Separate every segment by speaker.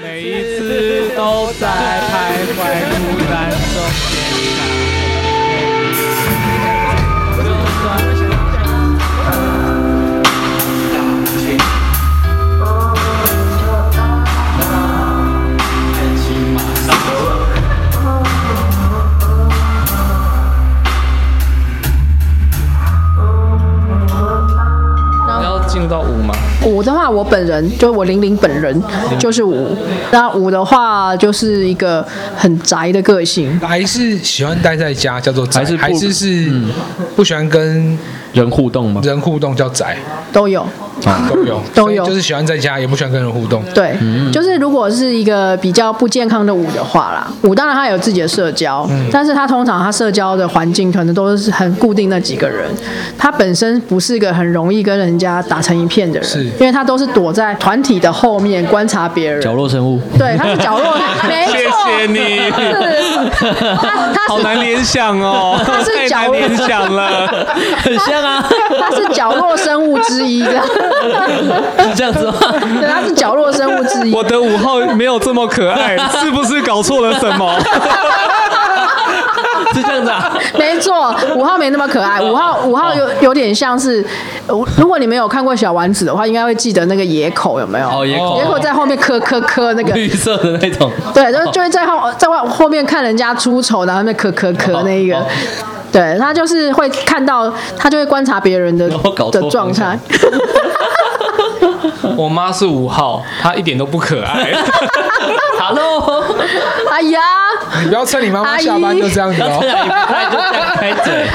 Speaker 1: 每一次都在徘徊。
Speaker 2: 到五嗎？五的話，我本人就是我玲玲本人、嗯、就是五。那五的話，就是一個很宅的個性，
Speaker 1: 還是喜歡待在家，叫做宅還，還是是不喜歡跟。嗯人互動嗎？人互動叫宅，都有啊、嗯，都有都有，就是喜歡在家，也不喜歡跟人互動。對嗯嗯，就是
Speaker 2: 如果是一個比較不健康的五的話啦，五當然他有自己的社交，嗯、但是他通常他社交的環境可能都是很固定那幾個人，他本身不是個很容易跟人家打成一片的人，是因為他都是躲在團體的後面觀察別人，角落生物，
Speaker 3: 對，他是角落生物， 謝謝你，他，他好
Speaker 1: 難聯想哦，他是角落。太難聯想了，很像。它是角落
Speaker 2: 生物之一， 是這樣子嗎？對，它是角落生物之一。我的
Speaker 1: 五號沒有這麼可愛， 是不是搞錯了什麼？
Speaker 3: 是這樣子啊？
Speaker 2: 沒錯，五號沒那麼可愛。五號，五號有、哦、有點像是，如果你沒有看過小丸子的話，應該會記得那個野口有沒有？哦、野口，野口在後面咳咳咳，那個綠色的
Speaker 3: 那種，
Speaker 2: 對，然後就會在後、哦、在後面看人家出醜，然後那咳咳咳，咳，咳那個。哦哦對，他就是會看到，他就會觀察別人的的狀態。
Speaker 1: 我媽是五號，她 一點都不可愛。
Speaker 2: 哈嘍，哎呀！你不
Speaker 1: 要趁，你媽媽下班，就這樣
Speaker 2: 子哦。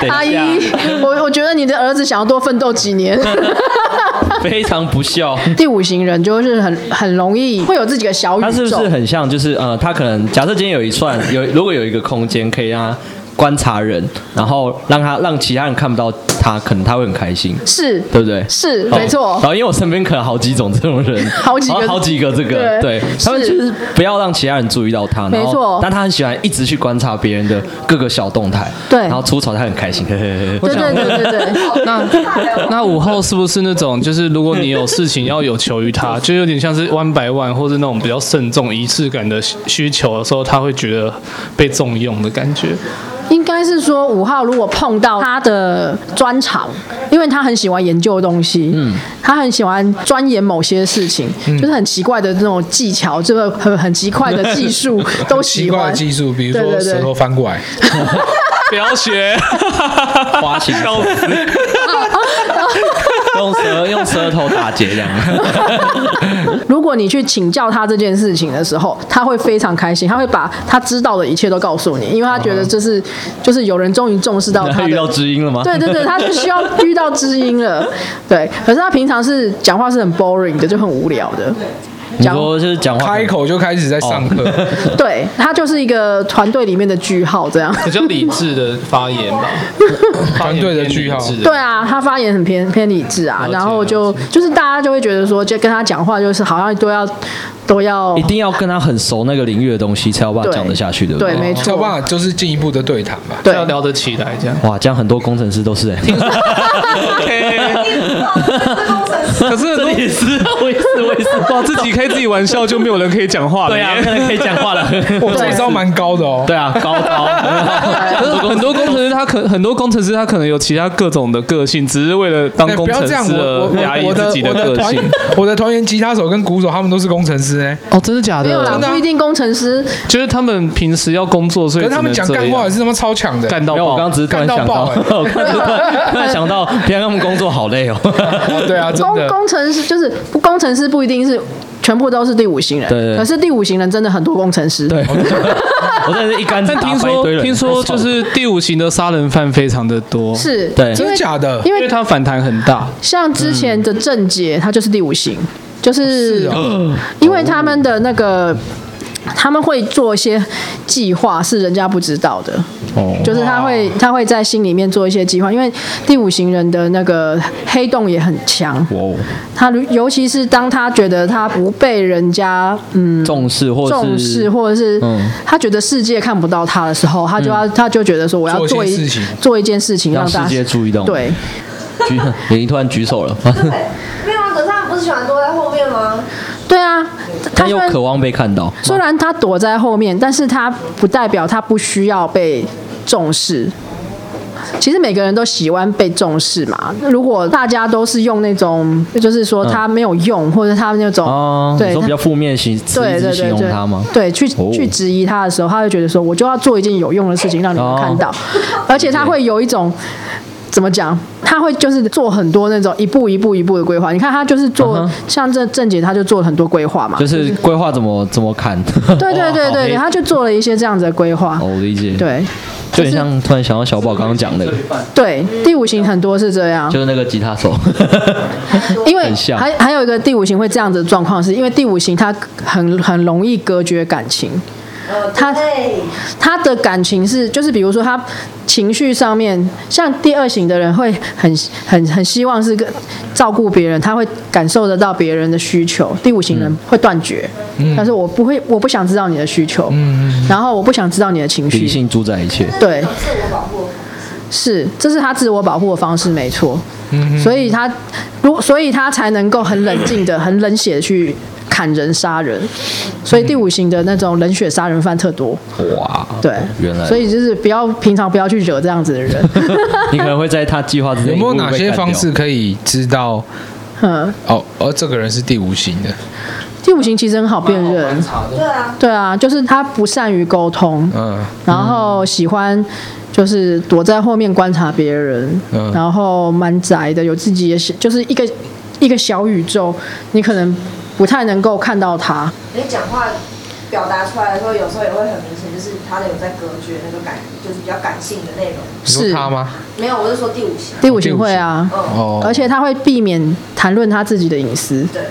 Speaker 2: 阿姨， 阿姨我我覺得你的兒子想要多奮鬥幾年， 非常不孝。第五型人就是很很容易會有自己的小宇宙。他是不是
Speaker 1: 很像？就是呃，他可能假設今天有一串有，如果有一個空間可以讓他觀察人，然後讓他讓其他人看不到。他可能他會很開心，是，對不對？是，oh, 沒錯。然後因為我身邊可能好幾種這種人， 好幾個，好幾個這個，對，對他們就是不要讓其他人注意到他，沒錯。但他很喜歡一直去觀察別人的各個小動態，對。然後吐槽他很開心，對嘿嘿嘿嘿對，對，對對對對。 那那五號是不是那種就是如果你有事情要有求於他，就有點像是 one by one 或者那種比較慎重儀式感的需求的時候，他會覺得被重用的感覺？
Speaker 2: 應該是說五號如果碰到他的專。因為他很喜歡研究的東西，嗯，他很喜歡鑽研某些事情，嗯、就是很奇怪的這種技巧，這、就、個、是、很很奇怪的技術， 奇怪的技術都 奇怪的技術，比如說舌頭翻過來，對對
Speaker 3: 對 不要學，花心公
Speaker 1: 用舌用舌頭打結這樣。
Speaker 2: 如果你去請教他這件事情的時候，他會非常開心，他會把他知道的一切都告訴你，因為他覺得這是、哦、就是有人終於重視到他，遇到知音了嗎？對對對，他是需要遇到知音了。 對，可是他平常是講話是很 boring 的，就很無聊的。
Speaker 1: 你說就是講話，開口就開始在上課。哦、 對
Speaker 2: 他就是一個團隊裡面的句號，這樣比
Speaker 1: 較理智的發言吧。團 隊的句號，對啊，
Speaker 2: 他發言很偏偏理智啊。然後就就，就是大家就會覺得說，就跟他講話就是好像都要都要
Speaker 1: 一定要跟他很熟那個領域的東西，才有辦法講得下去，對不對，對？沒錯，才有辦法就是進一步的對談吧。對，要聊得起來這樣。哇，這樣很多工程師都是、欸。 okay. 可是，我也是，為什麼我自己開自己玩笑， 就沒有人可以講話了。對啊，沒人可以講話了。 我智商蠻高的哦。對啊，高高。
Speaker 3: 很多工
Speaker 1: 程師，他可很多工程師，他可能有其他各種的個性，只是為了當工程師而壓抑自己的個性。我的團 員吉他手跟鼓手，他們都是工程師哎。哦，真的假的？沒有啦，不
Speaker 2: 一定工程師。就
Speaker 1: 是他們平時要工作，所以、啊、他們講幹話也是那麼超強的，幹到爆。我剛只是突然想到，到我看到突然想到， 平常他們工作好累哦。
Speaker 3: 啊對啊，工工
Speaker 2: 程師就是工程師，就是、程師不一定是全部都是第五型人。對對對，可是第五型人真的很多工程師。對。
Speaker 3: 我在那一竿子打了一堆人 聽，說聽說就是
Speaker 1: 第五型的殺人犯非常的多。是。對。因為真的假的？因為。他反彈很大、嗯。
Speaker 2: 像之前的鄭捷，他就是第五型，就是，、哦
Speaker 3: 是
Speaker 2: 哦、因為他們的那個。他們會做一些計劃，是人家不知道的。
Speaker 3: 哦，就是他
Speaker 2: 會他會在心裡面做一些計劃，因為第五型人的那個黑洞也很強。
Speaker 3: 哦，
Speaker 2: 他尤其是當他覺得他不被人家嗯
Speaker 1: 重視或重視或者是、嗯、
Speaker 2: 他覺得世界看不到他的時候，他就要、嗯、他就覺得說我要做一做一，做一件事情讓，讓世界注意到。對，
Speaker 1: 眼 睛，突然舉手了。 對，啊，可
Speaker 2: 是他們不是喜歡坐在後面嗎？對啊。他又渴望被看到，雖被看到、嗯，雖然他躲在後面，但是他不代表他不需要被重視。其實每個人都喜歡被重視嘛。那如果大家都是用那種，就是說他沒有用，嗯、或者他那種、啊、對比較負
Speaker 1: 面性質對，對，對，對，對，對他嗎、
Speaker 2: 哦？對，去去質疑他的時候，他會覺得說，我就要做一件有用的事情，讓你們看到、啊，而且他會有一種。怎麼講？他會就是做很多那種一步一步一步的規劃。你看他就是做，啊、像這鄭姐，正解他就做了很多規劃嘛。
Speaker 1: 就是規劃怎麼怎麼看。
Speaker 2: 對對對對，對，他就做了一些這樣子的規劃、哦。我
Speaker 1: 理解。對，就、是、就像突然想到小寶剛剛講的、嗯嗯嗯嗯
Speaker 2: 嗯。對，第五型很多是這樣。
Speaker 1: 就是那個吉他手。
Speaker 2: 因為很像還還有一個第五型會這樣子的狀況，是因為第五型他很很容易隔絕感情。他他的感情是，就是比如說，他情緒上面，像第二型的人會很很很希望是個照顧別人，他會感受得到別人的需求。第五型人會斷絕，嗯、但是我不會，我不想知道你的需求、嗯嗯，然後我不想知道你的情緒。理
Speaker 1: 性主宰一切。
Speaker 2: 對，自我保護是，這是他自我保護的方式，沒錯。嗯嗯、所以他如所以他才能夠很冷靜的、很冷血的去。砍人、殺人，所以第五型的那種冷血殺人犯特多，嗯。哇！對，原來，所以就是不要平常不要去惹這樣子的人。
Speaker 1: 你可能會在他計劃之中。有沒有哪些方式可以知道？嗯，哦，而，哦，這個人是第五型的，嗯，哦
Speaker 2: 這個，的。第五型其實很好辨認，對啊，對啊，就是他不善於溝通，嗯，然後喜歡就是躲在後面觀察別人，嗯，然後蠻宅的，有自己的小，就是一個一個小宇宙，你可能。不太能夠看到他。你講話表達出來的時候，有時候也會很明顯，就是他的有在隔絕那個感，就是比較感性的內容。是他嗎？沒有，我是說第五型。第五型會啊，哦，哦，而且他會避免談論他自己的隱私。對，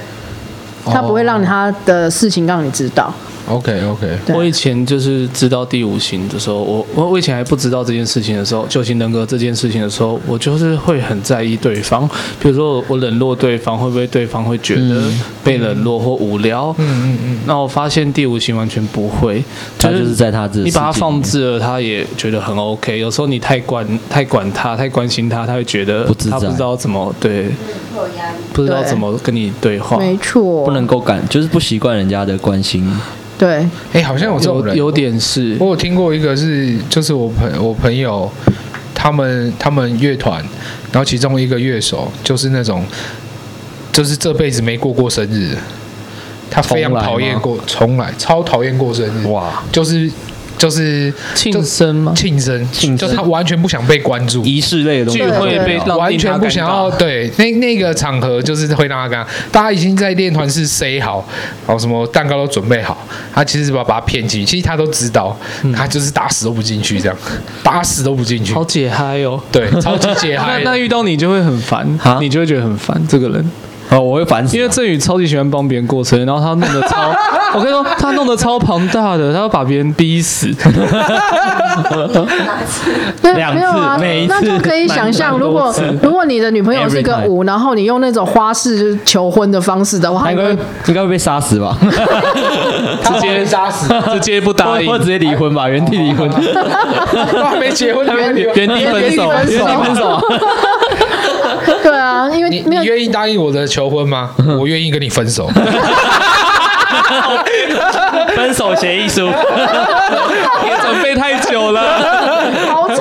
Speaker 2: 哦，他不會讓他的事情讓你知道。
Speaker 1: OK OK，我以前就是知道第五型的時候，我我以前還不知道這件事情的時候，九型人格這件事情的時候，我就是會很在意對方，比如說我冷落對方，會不會對方會覺得被冷落或無聊？嗯嗯嗯,嗯,嗯,嗯。那我發現第五型完全不會，他就是,他就是在他自己，你把他放置了，他也覺得很 OK。有時候你太管太管他，太關心他，他會覺得他不知道怎麼對,不知不知道對，不知道怎麼跟你對話，對沒錯，不能夠感，就是不習慣人家的關心。
Speaker 2: 對，哎、欸，好像有這種人，有、有
Speaker 1: 點是我。我有聽過一個是，就是我朋我朋友，他們他們樂團，然後其中一個樂手，就是那種，就是這輩子沒過過生日，他非常討厭過，從來、來超討厭過生日，哇，就是。就是慶生嗎？慶生，慶就是、他完全不想被關注，儀式類的東西會被完全不想要。對，那那個場合就是會讓他跟，大家已經在練團室塞好，然後什麼蛋糕都準備好，他其實把把他騙進去，其實他都知道，他就是打死都不進去這樣，打死都不進去，好解嗨哦、喔！對，超級解嗨。 那那遇到你就會很煩，你就會覺得很煩這個人。哦，我會煩死！因為正宇超級喜歡幫別人過生日，然後他弄得超， 我跟你說，他弄得超龐大的，他要把別人逼死。
Speaker 3: 哪次
Speaker 2: 對次次，沒有、啊、那就可以想象，如果如果你的女朋友是個五，然後你用那種花式求婚的方式的話，應該應該會被殺死吧？ 殺死
Speaker 1: 直接殺死，直接不答應，直接離婚吧？原地離婚？
Speaker 3: 婚、啊，原地分手，原地分手。啊啊啊對啊，因為沒有你，你
Speaker 1: 願意答應我的求婚嗎？呵呵，我願意跟你分手。 分手協議書， 別準備太久了，好慘，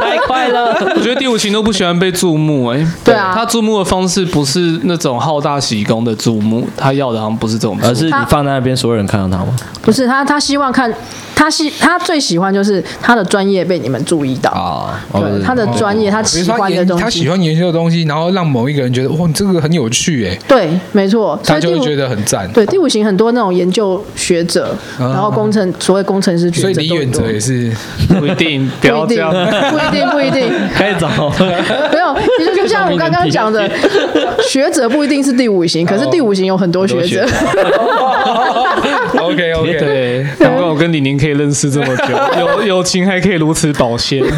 Speaker 1: 太快了。我覺得第五型都不喜歡被注目哎、欸。對啊，他注目的方式不是那種好大喜功的注目，他要的好像不是這種，而是你放在那邊，所有人看到他嗎？
Speaker 2: 不是，他他希望看。他是他最喜歡就是他的專業被你們注意到啊、哦，
Speaker 1: 他的專業、哦、他喜歡的東西他，他喜歡研究的東西，然後讓某一個人覺得哇，這個很有趣耶，
Speaker 2: 對，沒錯，他就會覺得很讚。對，第五型很多那種研究學者，嗯、然後工程、嗯、所謂工程師，所以李遠哲也是？不一定，不一定，不一定，不一定，可以找沒有，就是像我剛剛講的 學者，不一定是第五型，可是第五型有很多學者。哦、
Speaker 3: OK OK，對
Speaker 1: 剛剛我跟玲玲。 可以認識這麼久，友友情還可以如此保鮮，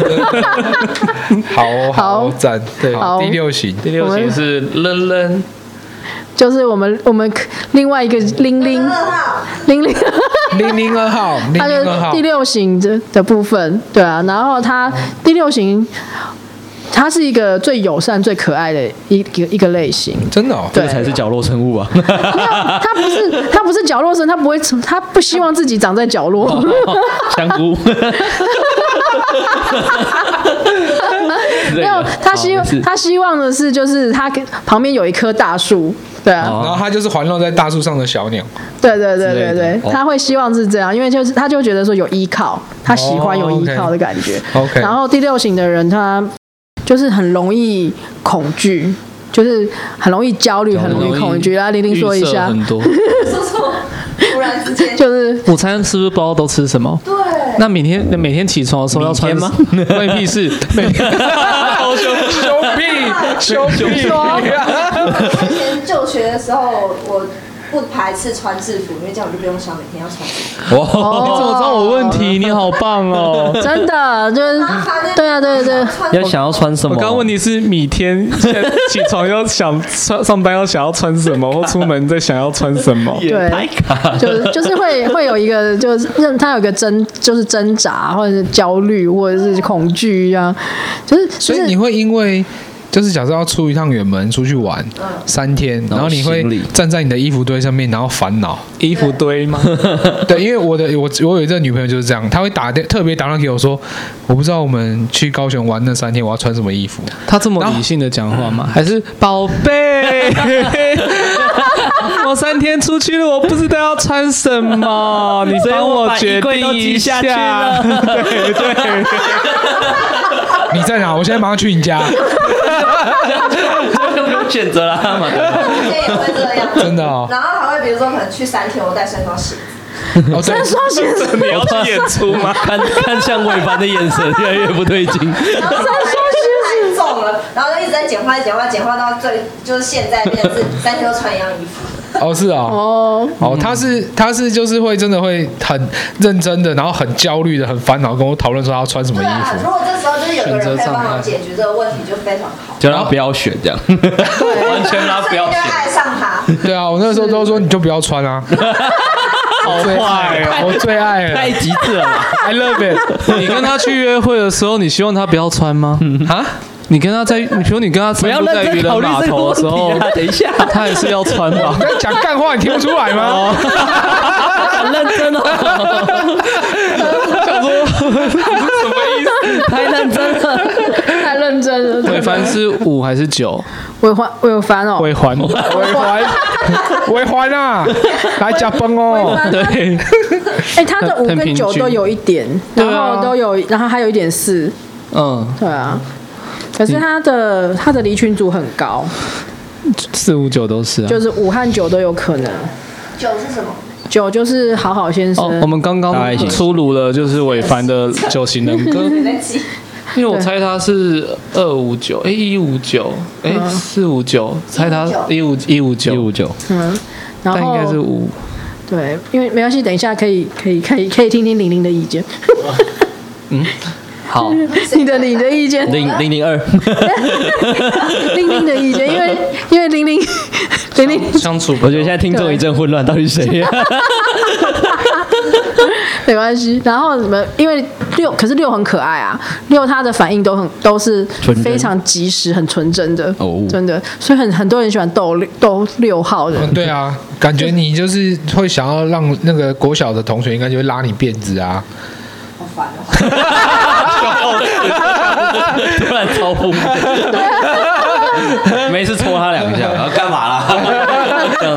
Speaker 1: 好好讚對好對，第六型，第六型是玲玲，
Speaker 2: 就是我們我們另外一個玲玲玲玲
Speaker 1: 玲玲二號，二號 他的第
Speaker 2: 六型的的部分，對啊，然後他、哦、第六型。它是一個最友善、最可愛的一個一個類型，真的、哦對啊，這個、
Speaker 1: 才是角落生物啊！沒 有，
Speaker 2: 他不是它不是角落生，他不會，它不希望自己長在角落。 哦哦、香菇、 這個，沒有，他希望他希,希望的是就是他跟旁邊有一棵大樹，對啊，然後
Speaker 1: 他就是環繞在大樹上的小鳥。
Speaker 2: 對對對對對，他、哦、會希望是這樣，因為就是他就覺得說有依靠，他喜歡有依靠的感覺。哦、OK，然後第六型的人他。它就是很容易恐懼，就是很容易焦慮，很容，很容易恐懼啊，來！玲玲說一下， 說說，突然
Speaker 3: 之間
Speaker 1: 就是午餐是不是不知道都吃什麼？
Speaker 2: 對，
Speaker 1: 那每天每天起床的時候要穿什麼嗎？關你屁事！ 每天，好羞羞屁羞屁屁。屁屁屁啊，以前
Speaker 2: 就學的時候，我。不排
Speaker 1: 斥穿制服，因為這樣我就不用想每天要穿制服，哦。你怎麼知
Speaker 2: 道我問題？你好棒哦！ 真的，就是啊對啊，對對對。要想
Speaker 1: 要穿什麼？我剛問題是每天起床要想穿 上班要想要穿什麼，或出門在想要穿什麼。對，就是、就是
Speaker 2: 會會有一個就是他有個爭就是掙扎，或者是焦慮，或者是恐懼啊，就是，所以，是所
Speaker 1: 以你會因為。就是假設要出一趟遠門，出去玩、嗯、三天，然後你會站在你的衣服堆上面，然後煩惱衣服堆嗎？對，因為我的我我有一個女朋友就是這樣，她會打電特別打電話給我說，我不知道我們去高雄玩那三天我要穿什麼衣服。她這麼理性的講話嗎？還是寶貝， 我三天出去了，我不知道要穿什麼， 你幫我決定一下。對 對。對 你在哪？我現在馬上去你家。我哈哈也不選擇了，他們。真的哦。然後
Speaker 2: 還會，比如說，可能去三天我帶，
Speaker 1: 我帶三雙鞋。三雙鞋，子鞋，子鞋子？你要出演出嗎？ 看看向偉凡的眼神越來越不對勁。然後三雙鞋太重了，然後就一直在簡化、簡化、簡化到最，就是現在變成是三天都穿一樣衣服。哦，是啊、哦，哦，哦、嗯，他是，他是，就是會真的會很認真的，然後很焦慮的，很煩惱，跟我討論說他要穿什麼衣服、
Speaker 2: 啊。如果這時候就是有個人可以幫我解
Speaker 1: 決這個問題，就非常好。哦、就讓他不要選這樣。完全讓他不要選。對啊，我那時候都說你就不要穿啊。
Speaker 2: 好
Speaker 1: 壞呀， 我最愛，太極致了。I love it 你跟他去約會的時候，你希望他不要穿嗎？啊、嗯？你跟他在，比如你跟他在別人碼頭的時候、啊，等一下，他也是要穿的。他講
Speaker 3: 幹話，你聽不出來嗎？很 認真哦 什麼意思太認真。太認真了，太認真了。對,對,對，凡是
Speaker 2: 五還是九？尾環，尾環哦。尾環，尾環，尾環啊！來加分哦。對。哎、欸，他的五跟九都有一點，然後都有，然後還有一點四、啊。嗯，對啊。可是他的、嗯、他的離群組很高，
Speaker 1: 四五九都是、啊，就
Speaker 2: 是五和九都有可能。九是什麼？九就是好好先生。哦、我們
Speaker 1: 剛剛出爐了，就是偉凡的九型人格、嗯。
Speaker 2: 因為我猜
Speaker 1: 他是二五九，哎一五九，哎四五九，猜他一五一五九一五九。
Speaker 2: 嗯然後，但應該是五。對，因為沒關係，等一下可以可以可以可以,可以聽聽玲玲的意見。嗯。 好，你的你的意見，零零
Speaker 1: 零二，零零的意見，零零因
Speaker 2: 為因為零零零零相，
Speaker 1: 相處，我覺得現在聽眾一陣混亂，到底誰
Speaker 3: 呀？
Speaker 2: 沒關係。然後你們因為六，可是六很可愛啊，六他的反應都很都是非常及時，很純真的哦，真的，所以很很多人喜歡逗六逗六號的。嗯，
Speaker 1: 對啊，感覺你就是會想要讓那個國小的同學應該就會拉你辮子啊，好煩哦、喔。
Speaker 3: 突然抽風，每 對笑次戳他兩下，然後幹嘛啦？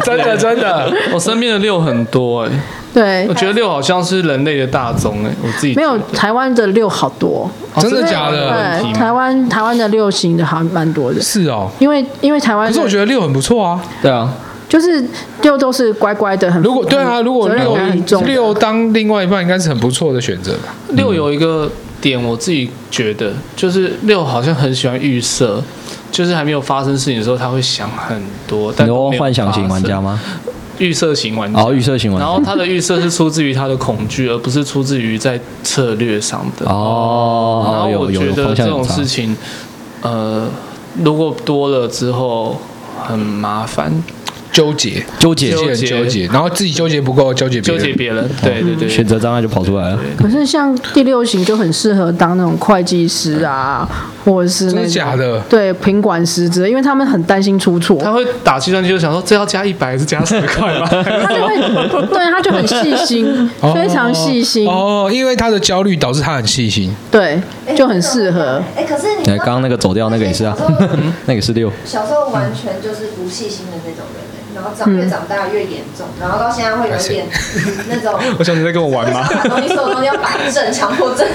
Speaker 3: 真的真的，我身
Speaker 1: 邊的六很多哎、欸。
Speaker 3: 對，
Speaker 2: 我覺得
Speaker 1: 六好像是人類的大宗哎、欸，我自己沒有。
Speaker 2: 台灣的六好多、哦，真，真的假的？對台灣台灣的六型的好蠻多的。是哦，因為因為台灣。可是我覺得
Speaker 1: 六很不錯啊。對啊，
Speaker 2: 就是六都是乖乖的，很如果對啊，如果六
Speaker 1: 六當另外一半，應該是很不錯的選擇吧。嗯、六有一個。點我自己覺得，就是六好像很喜歡預設，就是還沒有發生事情的時候，他會想很多。但有你是說幻想型玩家嗎？預設型玩家哦，預設型玩家。然後他的預設是出自於他的恐懼， 而不是出自於在策略上的哦哦。哦，然後我覺得這種事情，呃，如果多了之後很麻煩。糾結，糾結，糾結，糾結，然後自己糾結不夠，糾結糾結別人，對對對，選擇障礙就跑出來了。對對對
Speaker 2: 對，可是像第六型就很適合當那種會計師啊，或者是那個。真的假的？對，品管師之類，因為他們很擔心出錯，他會
Speaker 1: 打計算機，就想說這要加一百還是加十塊吧。 他就會，對，他就很細心，哦，非常細心。哦，因為他的焦慮導致他很細心，
Speaker 2: 對，就很適合。哎，可是
Speaker 1: 你剛剛那個走掉那個也是啊， 那個是六。小時候完全就是不細心的那種人。然後長越長大越嚴
Speaker 2: 重，
Speaker 1: 嗯、然後到現在會有一點、嗯、那種。
Speaker 2: 我想你在跟我玩嗎？從你手中要擺正強
Speaker 1: 迫症。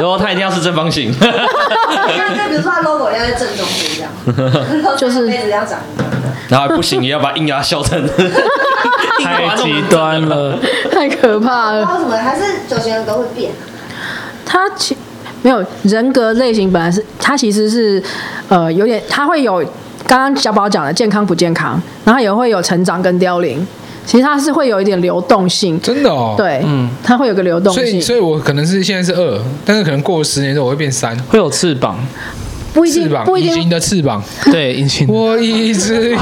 Speaker 1: 然後他一定要是正方形。
Speaker 2: 再 比如說他 logo 要要正中間，這樣
Speaker 1: 就是。那不行，也要把硬牙笑成。
Speaker 2: 太極
Speaker 1: 端了，
Speaker 2: 太可怕了。為什麼還是九型人格會變？他其沒有人格類型，本來是他其實是呃有點，他會有。剛剛小寶講的健康不健康，然後也會有成長跟凋零，其實它是會有一點流動性，真的哦？對，嗯，它會有個流動性，所
Speaker 1: 以所以我可能是現在是二，但是可能過了十年之後我會變三，會有翅膀。不一定不一定翅膀，隱形的翅膀，對，隱形。我一直
Speaker 3: 有。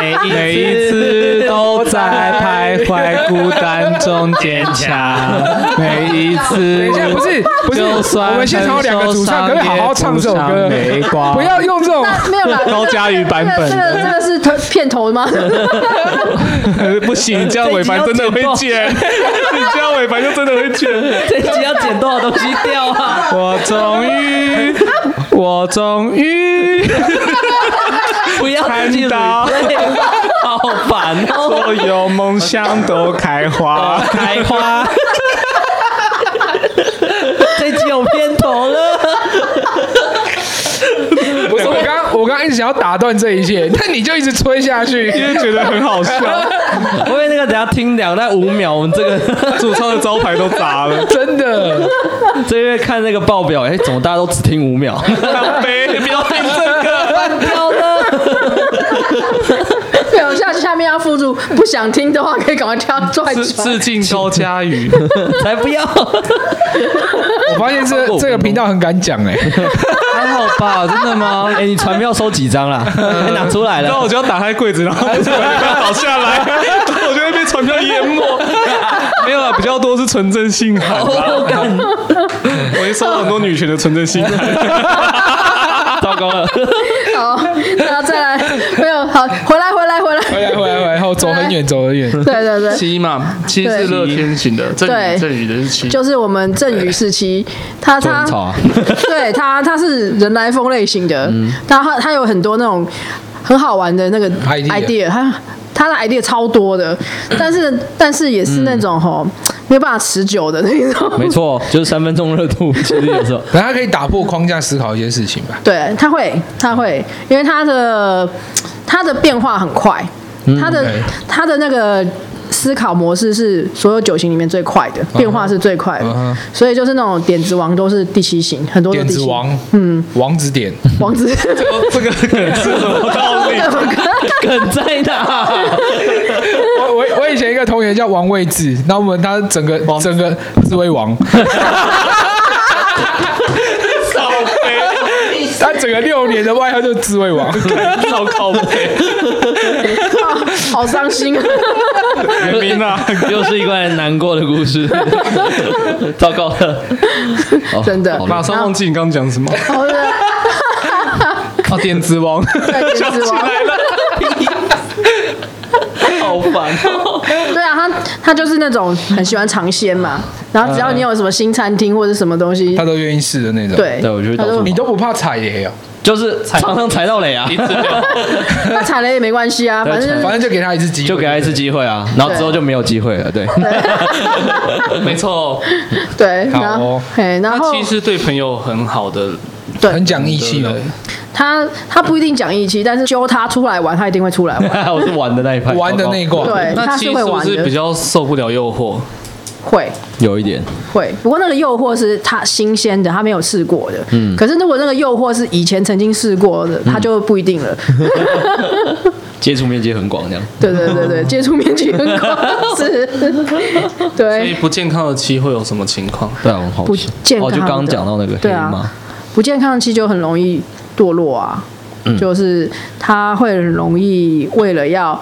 Speaker 1: 每一次都在徘徊，孤單中堅強。每一次不是不是，不是就算很，我們現場有兩個主唱，可以好好唱這首歌。不，不要
Speaker 2: 用這種，沒有啦，高嘉瑜版本。這個、這個這個這個、這個是片頭的嗎？
Speaker 1: 不行，你這樣尾白真的會剪。 你這樣尾白就真的會剪。這一集要剪多少東西掉啊？ 我終於。我終於 不
Speaker 3: 要看到，好煩哦！所
Speaker 1: 有夢想都開花，開花。 我剛剛一直想要打斷這一切，但你就一直吹下去，因為覺得很好笑。 因為那個等下聽兩到五秒，我們這個主唱的招牌都砸了，真的。這月看那個報表，哎，怎麼大家都只聽五秒？當
Speaker 3: 杯，不要聽。
Speaker 2: 下面要附註，不想聽的話可以趕快跳轉。致敬高嘉瑜，才不要！我發現這這個頻
Speaker 1: 道很敢講哎、欸，還好吧？真的嗎？哎、欸，你傳票收幾張了？嗯、還拿出來了，然後我就要打開櫃子，然後我就要倒下來，
Speaker 3: 我、啊啊、就會被傳票淹沒。啊、沒有啊，比較
Speaker 1: 多是存證信函，好，我
Speaker 3: 敢，我收了很多女
Speaker 1: 權的存證信函、啊啊
Speaker 2: 啊啊啊啊啊，糟糕了。好，那再來沒有好回來。走很遠，
Speaker 1: 走很遠。對對對，七嘛，七是樂天型的，正宇正宇的是七。就是
Speaker 2: 我們正宇是七，他他，啊、他 對他他是人來瘋類型的，嗯、他他他有很多那種很好玩的那個 idea、嗯、他他的 idea 超多的，嗯、但是但是也是那種哈、嗯、沒有辦法持久的那種，
Speaker 1: 沒錯，就是三分鐘熱度，對但 他可以打破框架思考一些事情吧？
Speaker 2: 對，他會他會，因為他的他的變化很快。嗯、他的、okay、他的那個思考模式是所有九型裡面最快的、啊啊，變化是最快的、啊啊，所以就是那種點子王都是第七型，很多點子王，嗯，
Speaker 1: 王子點，王子點， 這個這個是什麼道理？
Speaker 3: 梗在哪？
Speaker 1: 我我我以前一個同學叫王衛志，那我們他整個整個自衛王。
Speaker 3: 他整個六年的
Speaker 1: 外號就是自慰王，糟糕、 啊，
Speaker 2: 好傷心、啊，明
Speaker 1: 啊，又是一個很難過的故事，糟糕了，糟糕了真的，馬上忘記你剛剛講什麼，
Speaker 3: 好哦，
Speaker 1: 靠電子王，
Speaker 3: 電子王笑起來了，
Speaker 2: 好煩、哦。他就是那種很喜歡嘗鮮嘛，然後只要你有什麼新餐廳或者什麼東西、嗯，他都
Speaker 1: 願意試的那種。對，對我覺得你都不怕踩雷、啊，就是踩常常踩到雷啊。
Speaker 2: 哈 怕踩雷也沒關係啊，反正、就是、反正就給他一
Speaker 1: 次機會，就給他一次機會啊，然後之後就沒有機會了。對，對 沒錯、哦。對。好。
Speaker 2: 哎、哦，然後那其實
Speaker 1: 對朋友很好的。很講義氣的，對對
Speaker 2: 對對，他他不一定講義氣，但是揪他出來玩，他一定會出來玩。 我是玩的那一派，我玩的那一掛。對，他是會玩的。比
Speaker 1: 較受不了誘惑，會有一點
Speaker 2: 會。不過那個誘惑是他新鮮的，他沒有試過的。嗯。可是如果那個誘惑是以前曾經試過的，他就不一定了。
Speaker 1: 嗯、 接觸面積很廣，這樣。
Speaker 2: 對對對對，接觸面
Speaker 3: 積很廣 是。
Speaker 2: 對。所以
Speaker 1: 不健康的七會有什麼情況？對我、啊、們好不健康的，我、哦、就剛剛講到那個對
Speaker 2: 啊。不健康期，就很容易墮落啊，就是他會很容易為了要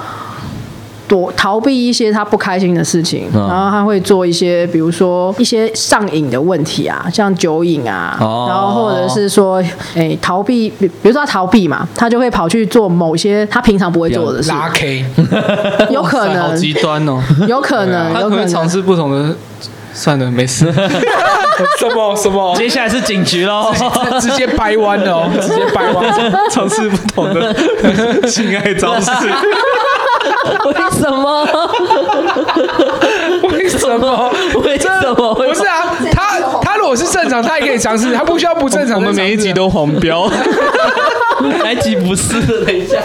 Speaker 2: 躲逃避一些他不開心的事情，然後他會做一些，比如說一些上癮的問題啊，像酒癮啊，然後或者是說，欸，誒逃避，比如說他逃避嘛，他就會跑去做某些他平常不會做的事，拉
Speaker 1: K，有可能，極端哦，
Speaker 2: 有可能，他可能
Speaker 1: 嘗試不同的。算了，沒事。 什麼什麼？接下來是警局嘍，直接掰彎了哦， 直接掰
Speaker 3: 彎，嘗試不同的性 愛招式。 為什麼？
Speaker 1: 為什麼？ 為什麼？ 不是啊，他他如果是正常，他也可以嘗試，他不需要不正常的。每一集都黃標。哪 集 不是？等一下。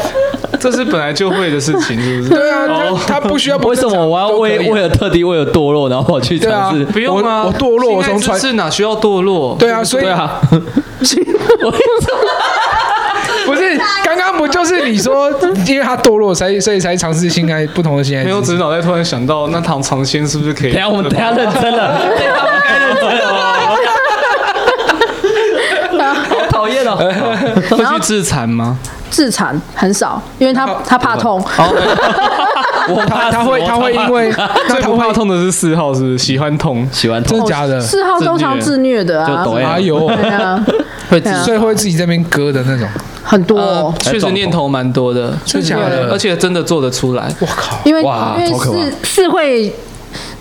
Speaker 1: 這是本來就會的事情，是不是？對啊，他，他不需要不，為什麼我要為了為了特地為了墮落，然後我去嘗試，啊？不用啊，我墮落，我從嘗試哪需要墮落？對啊，所以啊， 不是剛剛不就是你說，因為他墮落，所以才嘗試新開不同的新愛？沒有，只是腦袋突然想到，那嘗嘗鮮，是不是可以？等下我等下認真了。討 厭 了
Speaker 2: 討厭，哦欸
Speaker 1: 我，會去自殘嗎？
Speaker 2: 自殘很少，因為他怕他，怕他怕痛。
Speaker 3: 我 怕他會他會，因
Speaker 2: 為最不怕
Speaker 1: 痛的是四號是是，是喜歡痛，喜歡痛，真的假的？四、哦、號都超自虐的啊！哎啊，對啊，會四、啊、會自己在那邊割的那種
Speaker 2: 很多、哦，確、呃、實念頭
Speaker 1: 蠻多的，是假的，而且真的做得出來。我靠，因為因為是
Speaker 2: 是會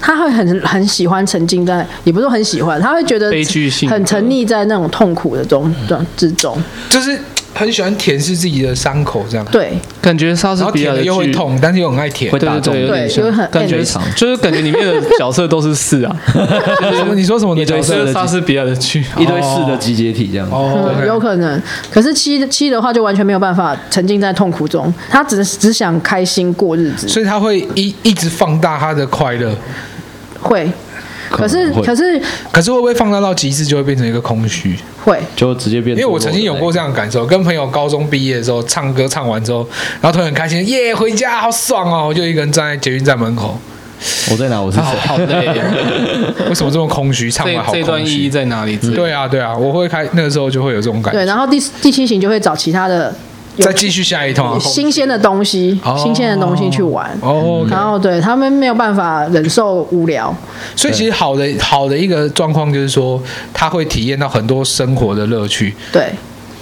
Speaker 2: 他會很很喜歡沉浸在，也不是很喜歡，他會覺得悲劇性，很沉溺在那種痛苦的中之之中，
Speaker 1: 就是。很喜歡舔舐自己的傷口，這樣
Speaker 2: 對，感覺莎士比亞的劇，然後舔的又會痛，
Speaker 1: 但是又很愛舔，會打腫，所以很。感覺，感覺 M. 就是感覺裡面的角色都是四啊， 你說什麼角色？莎士比亞的劇、哦，一堆四的集結體這樣子，哦、嗯，有
Speaker 2: 可能，可是七的七的話就完全沒有辦法沉浸在痛苦中，他只只想開心過日子，
Speaker 1: 所以他會一一直放大他的快樂，
Speaker 2: 會。可是，可是，可是，
Speaker 1: 會，可是會不會放大到極致，就會變成一個空虛？會，就直接變。因為我曾經有過這樣的感受，跟朋友高中畢業的時候，唱歌唱完之後，然後突然很開心，耶，回家好爽哦！我就一個人站在捷運站門口。我在哪？我是誰、啊、好累， 為什麼這麼空虛？唱完好空虛，這、這段意義在哪裡？對啊，對啊，我會開。那個時候就會有這種感覺。對，
Speaker 2: 然後第第七型就會找其他的。再繼
Speaker 1: 續下一通、啊、新
Speaker 2: 鮮的東西、哦，新鮮的東西去玩，哦、然後對他們沒有辦法忍受無聊，
Speaker 1: 所以其實好的好的一個狀況就是說，他會體驗到很多生活的樂趣。對，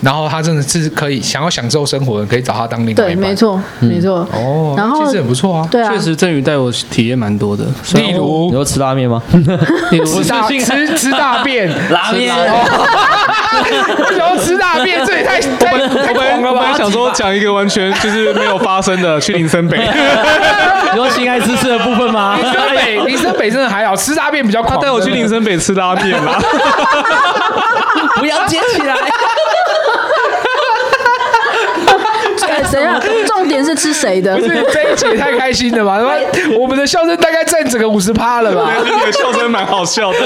Speaker 1: 然後他真的是可以想要享受生活的，可以找他當領導。對，
Speaker 2: 沒錯，嗯、沒錯。
Speaker 1: 哦、嗯，其實很不錯啊。對啊，確實鄭宇帶我體驗蠻多的。例如，你要吃拉麵嗎？ 吃吃？吃大便，拉麵。 我想要吃大便，這也太，太……我們我們想說講一個完全就是沒有發生的，去林森北， 你說心愛之吃的部分嗎？林森北，林森北真的還好，吃大便比較快，帶、啊、我去林森北吃大便吧，
Speaker 3: 不要接起來。 誰啊？
Speaker 2: 重點是吃
Speaker 1: 誰的？是菲姐太開心了吧？我們的笑聲大概佔整個五十趴了吧？你的笑聲蠻好笑的。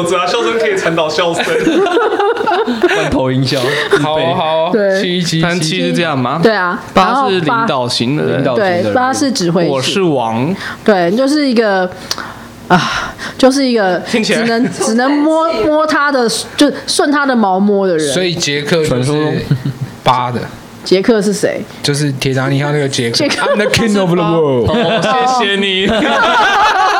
Speaker 2: 我知
Speaker 3: 道笑聲可以傳導笑聲，罐頭音效，好好
Speaker 2: 對，三七,七,七,七,七是這樣嗎？七七對啊，八,八是領導型的，領導對，對，八是指揮，我是王，對，就是一個啊，就是一個，只能只能摸摸他的，就是順他的毛摸的人。所以傑
Speaker 1: 克就是八的，
Speaker 2: 傑 克是誰？
Speaker 1: 就是鐵達尼號那個傑克， 捷克、I'm，The King of the world 謝
Speaker 3: 謝你。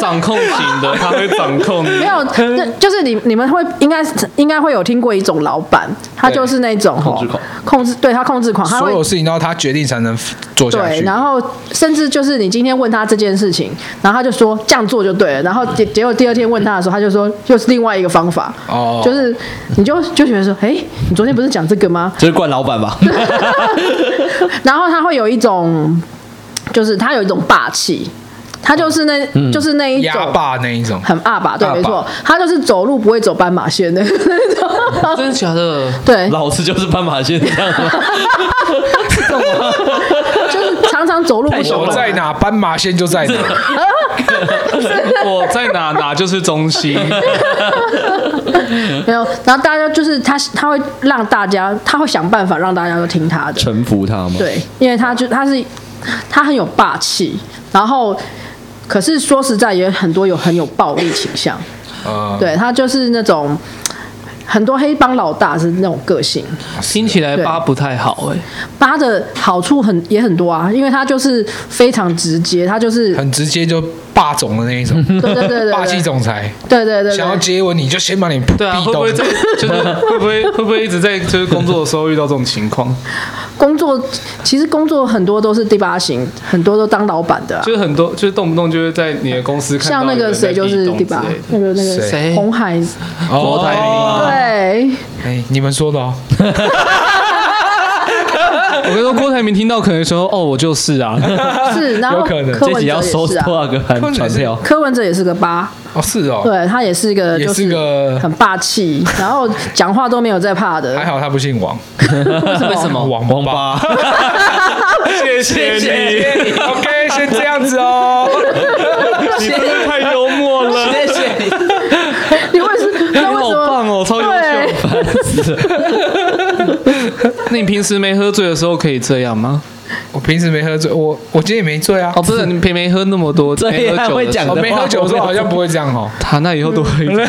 Speaker 3: 掌控型的，他會掌控你的。 沒
Speaker 2: 有，就是你你們會應該應該會有聽過一種老闆，他就是那種控制狂，控制對他控制狂他，所有
Speaker 1: 事情都要他決定才能做下去。對，然
Speaker 2: 後甚至就是你今天問他這件事情，然後他就說這樣做就對了。然後結果第二天問他的時候，他就說又，就是另外一個方法。哦，就是你就就覺得說，哎，欸，你昨天不是講這個嗎？就
Speaker 1: 是怪老闆吧。
Speaker 2: 然後他會有一種，就是他有一種霸氣。他就是那、嗯，就是那一種，鴨霸那一種，很鴨霸，對，沒錯。他就是走路不會走斑馬線的那種，啊、真的假的？對，
Speaker 3: 老子就是斑馬線
Speaker 2: 上的， 道嗎？ 就是常常走路不走。不我在
Speaker 1: 哪，斑馬線就在哪。我在哪，哪就是中心。
Speaker 2: 沒有，然後大家就是他，他會讓大家，他會想辦法讓大家都聽他的，
Speaker 1: 臣服他嘛，對，
Speaker 2: 因為他就他是他很有霸氣，然後。可是說實在，也很多有很有暴力傾向，啊，對，他就是那種很多黑幫老大是那種個性，聽起來八不太好哎。八的好處很也很多啊，因為他就是非常直接，他就是很直
Speaker 1: 接就霸總
Speaker 2: 的那種，對對對對，霸氣總
Speaker 1: 裁，對對，想要接吻你就先把你逼到，會就是會不會會不會一直
Speaker 2: 在就是工作的時候遇到這種情況？工作其實工作很多都是第八型，很多都當老闆的、啊，就
Speaker 1: 是很多就是動不動就是在你的公司看到，像那個誰就是第八，
Speaker 2: 那個那個誰，鴻海，郭、oh, 台銘，對，哎、欸，
Speaker 1: 你們說的、哦。 我跟你說，郭台銘聽到可能說：“哦，我就是啊。”
Speaker 2: 是，然後柯文哲也是啊。個柯，文是柯文哲也是個八
Speaker 1: 哦，是哦，對，
Speaker 2: 他也是一個是，也是個很霸氣，然後講話都沒有在怕的。還好他不姓王，
Speaker 1: 是為什麼，為什麼王王八？八
Speaker 3: 謝謝你，謝謝你，OK，先這樣子哦。 你真的太幽默了，謝謝你。 你為什麼？你好棒哦， 棒哦 超優秀，
Speaker 1: 那你平時沒喝醉的時候可以這樣嗎？我平時沒喝醉，我我今天也沒醉啊。哦、不是，是你平時沒喝那麼多，沒喝酒會講的話，沒喝酒的時候好像不會這樣哦。他那以後都會、嗯、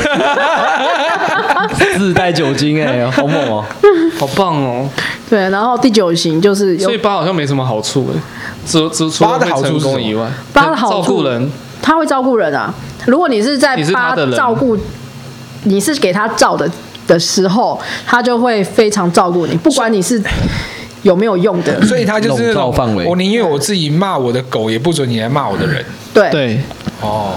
Speaker 1: 自帶酒精哎、啊，好猛哦， 好棒哦。
Speaker 2: 對，然後第九
Speaker 1: 型就是有，所以八好像沒什麼好處哎，只只除了會成功以外，八會照顧人，
Speaker 2: 他會照顧人啊。如果你是在八是他的人照顧，你是給他照的。的時候，他就會非常照顧你，不管你是有沒有用的，所以他就是籠罩範圍
Speaker 1: 你因為我寧願我自己罵我的狗，也不准你來罵我的人。對對，哦，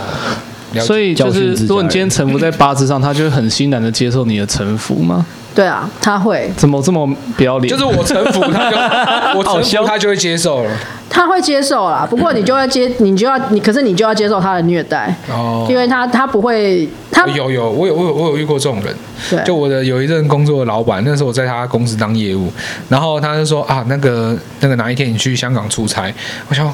Speaker 1: 所以就是如果你今天臣服在八字上，他就會很欣然的接受你的臣服嗎？
Speaker 2: 對啊，他會
Speaker 1: 怎麼這麼不要臉？就是我臣服，他就 我臣服好笑，他就會接受了。
Speaker 2: 他會接受啦，不過你就要接，你就要你，可是你就要接受他的虐待哦，因為他他不會他
Speaker 1: 有有我有我有我有，我有遇過這種人，對就我的有一任工作的老板，那時候我在他公司當業務，然後他就說啊，那個那個哪一天你去香港出差，我想，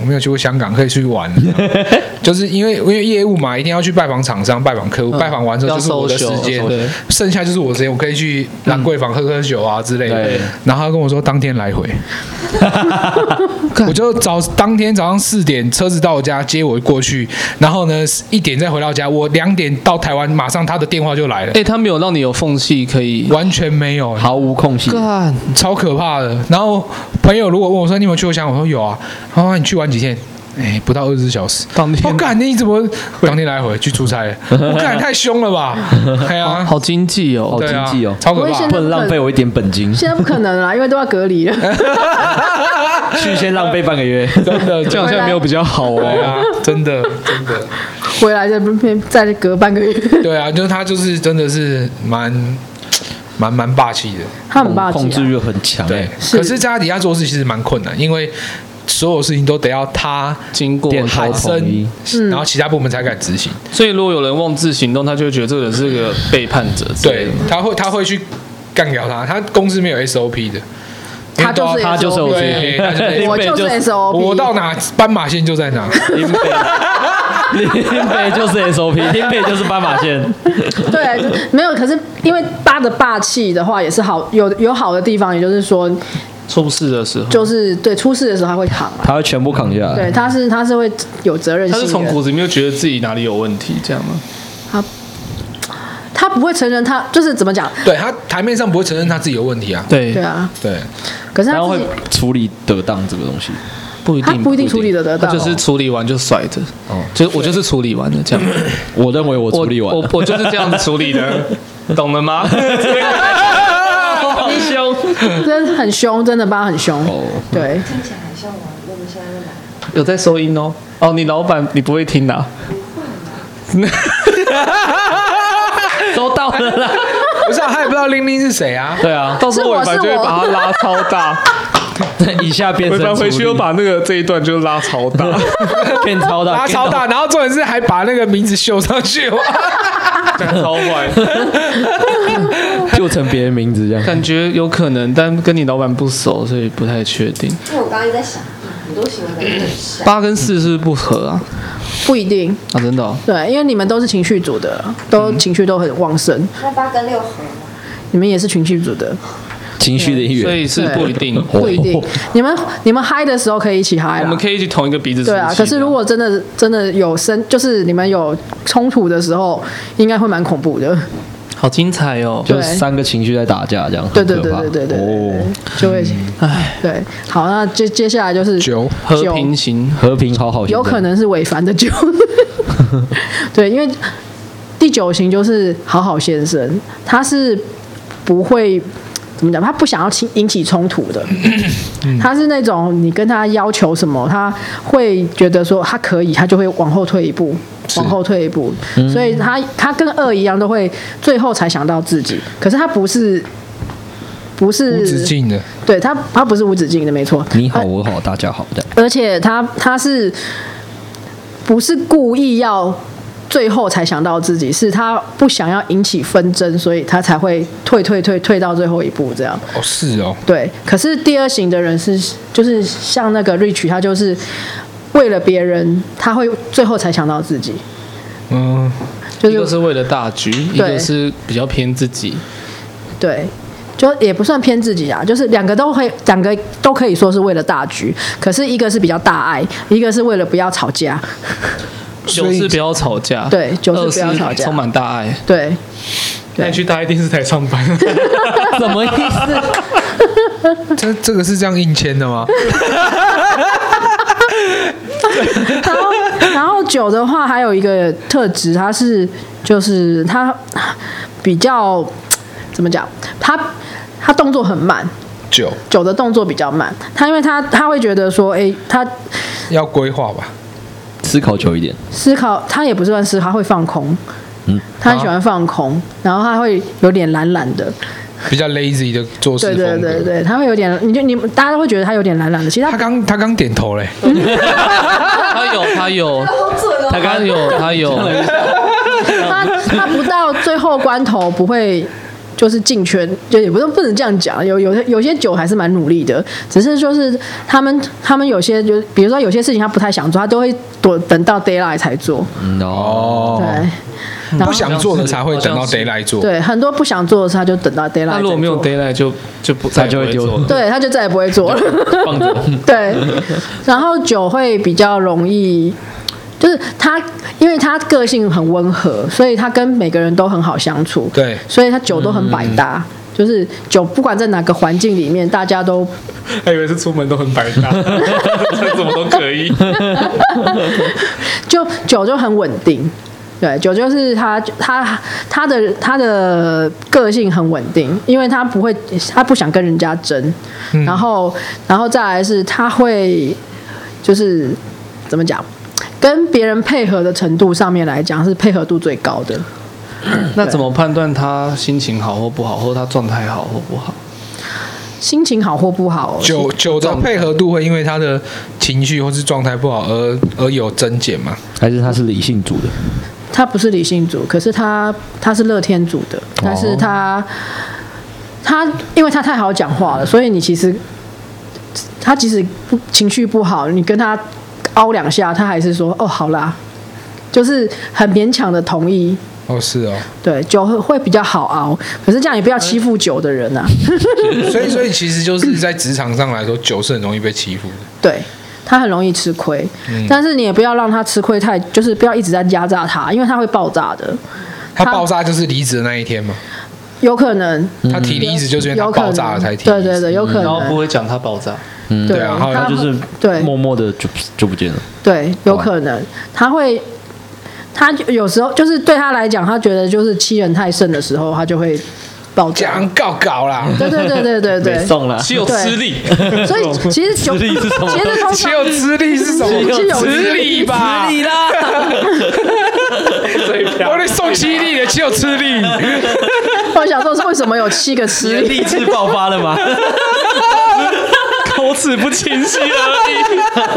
Speaker 1: 我沒有去過香港，可以去玩， 就是因為因為業務嘛，一定要去拜訪廠商、拜訪客戶，嗯、拜訪完之後就是我的時間，嗯、剩下就是我的時間。我可以去蘭桂坊喝喝酒啊之類的，然後他跟我說當天來回，我就早當天早上四點車子到我家接我過去，然後呢一點再回到家，我兩點到台灣，馬上他的電話就來了。哎，他沒有讓你有縫隙，可以完全沒有，毫無空隙，超可怕的。然後朋友如果問我說你有沒有去過香港，我說有啊，他說你去玩幾天？哎、欸，不到二十四小時，當天我感覺、oh, 你怎麼當天來回去出差？我、oh, 感覺太凶了吧？對、 啊、好經濟哦，哦，對哦、啊，超可怕不可，不能浪費我一點本金。現
Speaker 2: 在不可能啦，因為都要隔離了。
Speaker 1: 去先浪費半個月，真的，這好像沒有比較好哦，真的、啊、
Speaker 2: 真的。真的 回來再再再隔半個月，
Speaker 1: 對啊，就是他就是真的是蠻蠻蠻霸氣的，他很霸氣、啊嗯，控制欲很強、欸。對，是可是在他底下做事其實蠻困難，因為。所有事情都得要他經過點頭同意，然後其他部門才敢執行、嗯。嗯、所以如果有人妄自行動，他就會覺得這個人是個背叛者。對，他會他會去幹掉他。他公司沒有 SOP 的，他就是、SOP、他就是，SOP 他就是，SOP 他就是 SOP 我就是 SOP。我到哪斑馬線就在哪。林北林北就是 SOP，林北就是斑馬線。
Speaker 2: 對，沒有。可是因為他的霸氣的話也是好，有有好的地方，也就是說。
Speaker 1: 出事的時候，就是
Speaker 2: 對出事的時候，他會扛、
Speaker 1: 啊，他會全部扛下來。嗯、對，
Speaker 2: 他是他是會有責任心。他是從骨
Speaker 1: 子裡面覺得自己哪裡有問題，這樣嗎？
Speaker 2: 他他不會承認他，他就是怎麼講？
Speaker 1: 對他台面上不會承認他自己有問題啊。對對啊。對。可是他會處理得當，這個東西不一定他不一定處理得得當，就是處理完就甩着。哦，就我就是處理完的這樣， 我認為我處理完，我我，我就是這樣處理的， 懂了嗎？
Speaker 2: 真的很兇，真的，爸很兇。對，聽起來很像我，我們現在問哪？有在收音哦。哦，你老闆你不會聽的啊。
Speaker 1: 不會。 都到了啦。 不是，他也不知道玲玲是誰啊？對啊，到時候我就會把他拉超大。 以下變成回去又把那個這一段就拉超大， 變超大，拉超大，超大，然後重點是還把那個名字秀上去， 樣超
Speaker 3: 壞 ，
Speaker 1: 就成別人名字這樣，感覺有可能，但跟你老板不熟，所以不太確定。嗯、
Speaker 2: 因為我剛才在想，你都喜歡八跟四是不，是不合啊，不一定啊，真的、哦。對，因為你們都是情緒組的，都、嗯、情緒都很旺盛。那八跟六合你們也是情緒組的。
Speaker 1: 情緒的一員，所以是不一定，不
Speaker 2: 一定。你們你們嗨的時候可以一起嗨、啊、我
Speaker 1: 們可以一起同一個鼻子。對啊，可是
Speaker 2: 如果真的真的有生，就是你們有衝突的時候，應該會蠻恐怖的。
Speaker 1: 好精彩哦！就三個情緒在打架這樣，對對對對對對哦，
Speaker 2: 就會哎，對，好，那接接下來就是九和平
Speaker 1: 型，和平好好，有可能
Speaker 2: 是韋凡的九， 對，因為第九型就是好好先生，他是不會。他不想要引起衝突的，嗯，他是那種你跟他要求什麼，他會覺得說他可以，他就會往後退一步，往後退一步，嗯，所以他他跟二一樣都會最後才想到自己，可是他不是不是無止境的，對他他不是無止境的，沒錯，你好我好大家好的，而且他他是不是故意要最後才想到自己是他不想要引起紛爭，所以他才會退退退退到最後一步這樣。哦，是哦。對，可是第二型的人是就是像那個 Rich，他就是為了別人，他會最後才想到自己。嗯，
Speaker 1: 就是、一個是為了大局，一個是比較偏自己。
Speaker 2: 對，就也不算偏自己啊，就是兩個都可以，兩個都可以說是為了大局，可是一個是比較大愛，一個是為了不要吵架。
Speaker 1: 九就是不要吵架，對，九就是不要吵架，充滿大愛，對。你去大愛電視台上班，
Speaker 3: 什麼意思？
Speaker 2: 這這個是這樣硬簽的嗎？
Speaker 3: 然
Speaker 2: 後，然後九的話還有一個特質，它是就是他比較怎麼講？他它，它動作很慢，九九的動作比較慢，它因為他它，它會覺得說，哎、欸，他
Speaker 1: 要規劃吧。思考久一點，
Speaker 2: 思考他也不算是，他會放空。
Speaker 1: 嗯，他很喜歡
Speaker 2: 放空，啊、然後他會有點懶懶的，
Speaker 1: 比較 lazy 的做事。對對
Speaker 2: 對對，他會有點，你就你大家都會覺得他有點懶懶的。其實他剛他剛點頭嘞，
Speaker 1: 他、嗯、有 他有，他剛有， 他有，
Speaker 2: 他有， 他他不到最後關頭不會。就是進圈，就也不是不能這樣講。有有的有些酒還是蠻努力的，只是說是他們他們有些就是，比如說有些事情他不太想做，他都會躲等到 deadline 才做。
Speaker 1: No, 對然後，不想做的才會等到 deadline 做。對，
Speaker 2: 很多不想做的時候他就等到 deadline 那如果沒有
Speaker 1: deadline 就就不,就不再就會丟了。
Speaker 2: 對，他就再也不會做了。 放著了 對，然後酒會比較容易。就是他，因為他個性很溫和，所以他跟每個人都很好相處。對，所以他酒都很百搭，嗯、就是酒不管在哪個環境裡面，大家都
Speaker 1: 他以為是出門都很百搭，穿
Speaker 3: 什 麼都可以
Speaker 2: 就。 就酒就很穩定，對，酒就是他他他的他的個性很穩定，因為他不會他不想跟人家爭，嗯、然後然後再來是他會就是怎麼講？跟別人配合的程度上面來講，是配合度最高的。 那怎
Speaker 1: 麼判斷他心情好或不好，或者他狀態好或不
Speaker 2: 好？心情好或不好，酒酒的配
Speaker 1: 合度會因為他的情緒或是狀態不好而而有增減嗎？還是他是理性組的？
Speaker 2: 他不是理性組，可是他他是樂天組的，但是他、哦、他因為他太好講話了，所以你其實他即使不情緒不好，你跟他。拗兩下，他還是說哦，好啦，就是很勉強的同意。哦，是哦，對，九會比較好拗，可是這樣也不要欺負九的人啊。嗯、
Speaker 1: 所以，所以其實就是在職場上來說， 九是很容易被欺負的。
Speaker 2: 對，他很容易吃虧，嗯、但是你也不要讓他吃虧太，就是不要一直在壓榨他，因為他會爆炸的。他，他爆
Speaker 1: 炸就是離職的那一天嗎？
Speaker 2: 有可能，他提離職就是因為他爆炸了才提，對，對對對，有可能、嗯。然後不
Speaker 1: 會講他爆炸。嗯，對啊，然後他，他就是對，默默的就就不見了。
Speaker 2: 對，有可能他會，他有時候就是對他來講，他覺得就是欺人太甚的時候，他就會報將
Speaker 1: 告告啦，
Speaker 2: 對對對對對對，送了對，豈有吃力？所以
Speaker 3: 其實九力是，其實從豈有吃力是什麼？豈有吃力什麼，豈有吃力豈有吃力吧，豈有吃
Speaker 1: 力了。我得送七力了，豈有吃力？
Speaker 2: 我想說，是為什麼有七個吃力？勵
Speaker 1: 志爆發了嗎？字不清晰啊，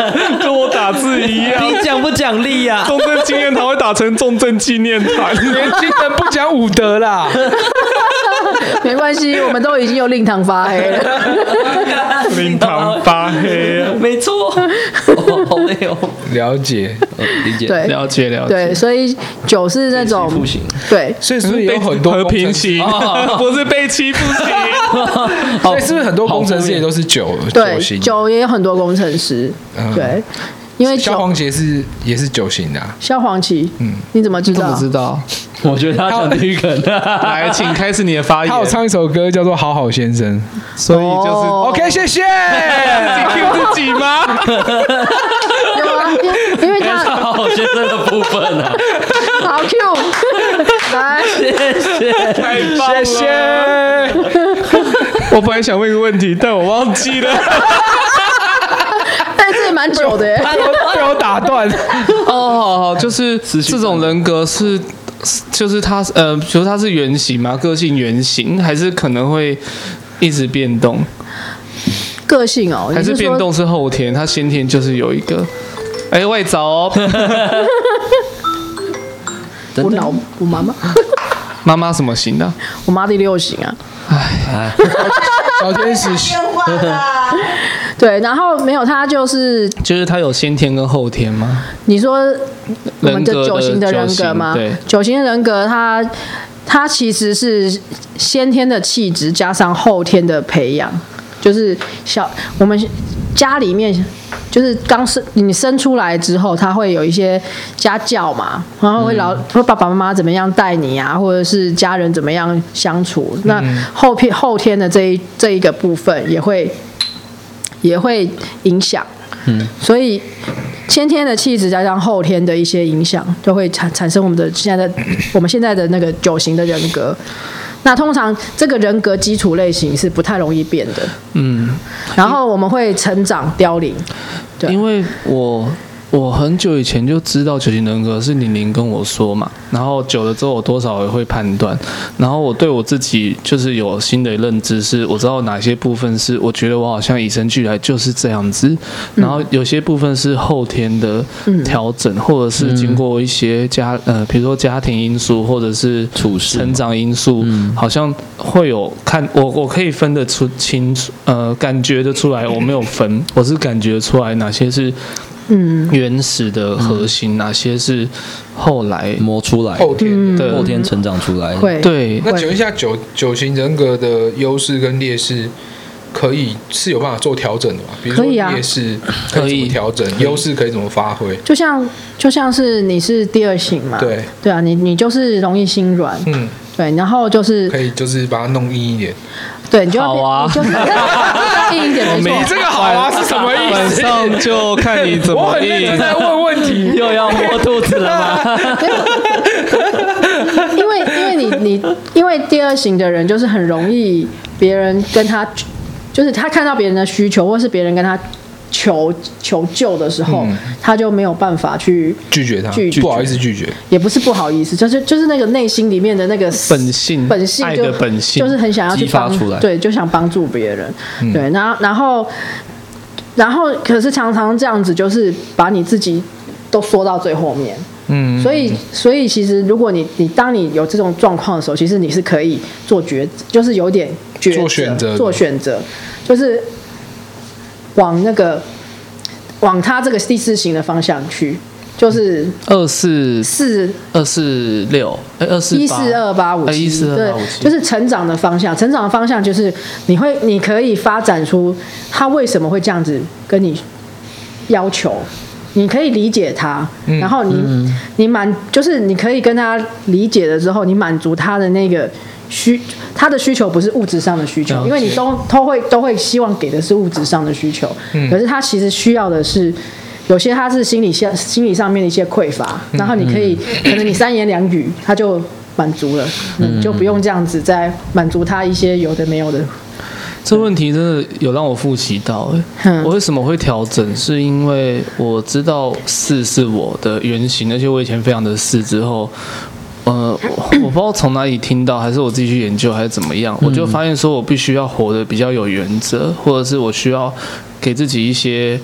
Speaker 1: 跟我打字一樣。你講
Speaker 2: 不講理呀？中正
Speaker 1: 紀念堂會打成重症紀念堂，年輕人不講武德啦 。
Speaker 2: 沒關係，我們都已經有令堂發黑了
Speaker 1: 令堂發黑， 沒錯。了解，哦、理解了，了解，了
Speaker 2: 解。所以九是那種柱形，對，所以是不是有很多平行、哦，不是被欺負，哦、 所以是不是很多工程師也都是
Speaker 1: 九。九型？
Speaker 2: 九也有很多工程師，對，嗯、對因為蕭煌奇是也是九型的、啊。蕭煌奇，嗯，你怎麼知道？怎
Speaker 1: 知道？我覺得他很愚笨。 來，請開始你的發言。他有唱一首歌叫做《好好先生》，所以就是、oh. OK，謝謝。 自己 Q 自己嗎？
Speaker 3: 因為他是好學生的部分啊，好 Q。來，謝謝，太棒了謝謝，
Speaker 1: 我本來想問一個問題，但我忘記了，但是也蠻
Speaker 2: 久的耶，被我打
Speaker 1: 斷。 哦好好，好，好，就是這種人格是，就是他呃，比、就、如、是、他是原型嘛，個性原型，還是可能會一直變動？
Speaker 2: 個性哦，還是變動
Speaker 1: 是後天，他先天就是有一個。哎、欸、喂，早、哦！
Speaker 2: 我老我媽媽，
Speaker 1: 媽媽什麼型的、啊？
Speaker 2: 我媽第六型啊，
Speaker 1: 哎，
Speaker 3: 小
Speaker 2: 天使。 天使 對，然後沒有他就是就
Speaker 1: 是他有先天跟後天嗎？
Speaker 2: 你說我們的九型的人格嗎？人格的九型，對，九型人格他他其實是先天的氣質加上後天的培養，就是小我們。家裡面就是剛生你生出來之後，他會有一些家教嘛，然後會老、嗯、會爸爸媽媽怎麼樣帶你啊，或者是家人怎麼樣相處，嗯、那後天、後天的這一這一、一個部分也會也會影響、嗯，所以先天的氣質加上後天的一些影響，就會產產生我們的現在的我們現在的那個九型的人格。那通常這個人格基礎類型是不太容易變的，嗯，然後我們會成長凋零，對，因為
Speaker 1: 我。我很久以前就知道九型人格是玲玲跟我說嘛，然後久了之後我多少也會判斷，然後我對我自己就是有新的認知，是我知道哪些部分是我覺得我好像與生俱來就是這樣子，然後有些部分是後天的調整，或者是經過一些家呃，比如說家庭因素或者是處事成長因素，好像會有看我我可以分得出清楚呃，感覺得出來我沒有分，我是感覺出來哪些是。嗯，原始的核心、嗯、哪些是後來磨出來的、後天的、嗯、對後天成長出來的會？對，那請問一下九，九型人格的優勢跟劣勢，可以是有辦法做調整的嗎？可以啊。劣勢可以調整，優勢可以怎麼發揮、嗯？
Speaker 2: 就像就像是你是第二型嘛？對對啊，你你就是容易心軟。嗯，對，然後就是可以就是把它弄硬一點。對，你就要好啊。 你這個好啊，是什麼意思？晚上就看你怎麼、啊。我很認真在問問題，又要摸肚子了嗎？ 因為因為你你因為第二型的人就是很容易別人跟他，就是他看到別人的需求，或是別人跟他。求求救的時候、嗯，他就沒有辦法去拒絕他拒絕，不好意思拒絕，也不是不好意思，就是就是那個內心裡面的那個本性，本性就的本性就是很想要去幫激發出來，對，就想幫助別人，嗯、對，然後然後然後可是常常這樣子，就是把你自己都縮到最後面，
Speaker 3: 嗯，所以
Speaker 2: 所以其實如果你你當你有這種狀況的時候，其實你是可以做抉擇，就是有點做選擇做選擇，就是。往那個，往他這個第四型的方向去，就是4、嗯、二四四二四
Speaker 1: 六，哎、欸，二四一四二八五七，142857, 欸、142857, 對，
Speaker 2: 就是成長的方向。成長的方向就是你會，你可以發展出他為什麼會這樣子跟你要求，你可以理解他，嗯、然後你嗯嗯你滿就是你可以跟他理解了之後，你滿足他的那個。需他的需求不是物質上的需求，因為你都都會都會希望給的是物質上的需求，嗯、可是他其實需要的是有些他是心理上心理上面的一些匱乏，嗯，然後你可以、嗯、可能你三言兩語他就滿足了，嗯嗯嗯，就不用這樣子再滿足他一些有的沒有的。
Speaker 1: 這問題真的有讓我複習到誒、欸嗯，我為什麼會調整？是因為我知道四是我的原型，而且我以前非常的四之後。呃，我不知道從哪裡聽到，還是我自己去研究，還是怎麼樣？嗯、我就發現說，我必須要活得比較有原則，或者是我需要給自己一些